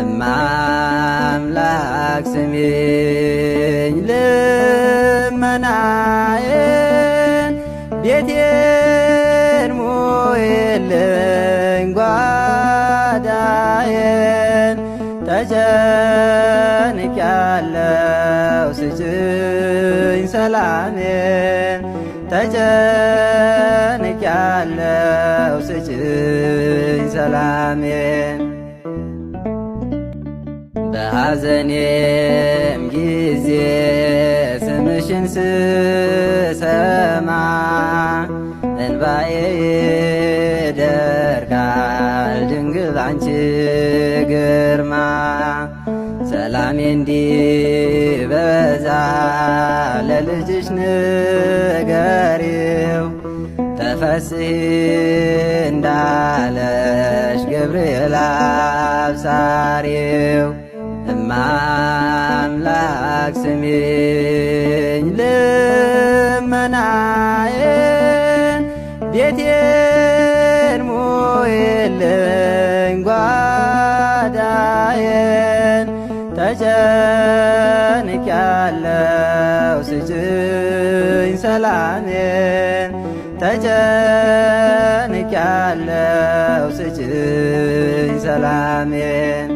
እማምላክ አምላክ ስሚኝ ልመናዬን፣ ቤቴን ሙይልኝ ጓዳዬን፣ ተጨንቄያለሁ ስጭኝ ሰላሜን፣ ተጨንቄያለሁ ስጭኝ ሰላሜን በሐዘኔም ጊዜ ስምሽን ስሰማ እንባዬ ይደርቃል ድንግል አንቺ ግርማ ሰላሜ እንዲበዛ ለልጅሽ ንገሪው ተፈስሒ እንዳለሽ ገብርኤል አብሳሪው አምላክ ስሚኝ ልመናዬን ቤቴን ሙልኝ ጓዳዬን ተጨንቅያለሁ ስጭኝ ሰላሜን ተጨንቅያለሁ ስጭኝ ሰላሜን